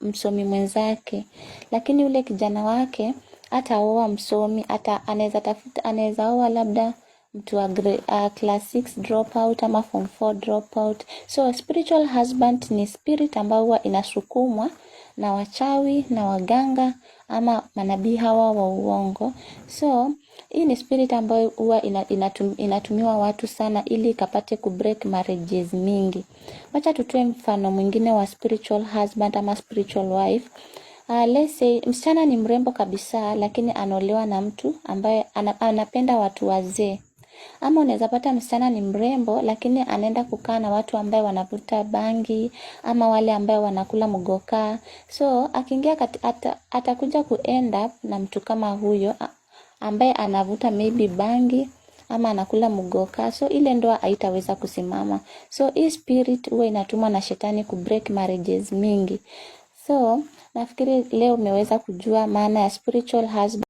msomi mwenzake, lakini yule kijana wake hataoa msomi, hata anaweza tafuta, anaweza oa labda mtu wa uh, class 6 dropout ama form 4 dropout. So spiritual husband ni spirit ambayo huwa inasukumwa na wachawi na waganga ama manabii hawa wa uongo. So hii ni spirit ambayo huwa inatum, inatumiwa watu sana ili ikapate break marriages mingi. Wacha tutoe mfano mwingine wa spiritual husband ama spiritual wife. Uh, let's say msichana ni mrembo kabisa, lakini anaolewa na mtu ambaye anapenda watu wazee. Ama unaweza pata msichana ni mrembo, lakini anaenda kukaa na watu ambao wanavuta bangi ama wale ambao wanakula mgoka. So akiingia ata, atakuja ku end up na mtu kama huyo ambaye anavuta maybe bangi ama anakula mgoka, so ile ndoa haitaweza kusimama. So hii spirit huwa inatumwa na shetani ku break marriages mingi. So nafikiri leo umeweza kujua maana ya spiritual husband.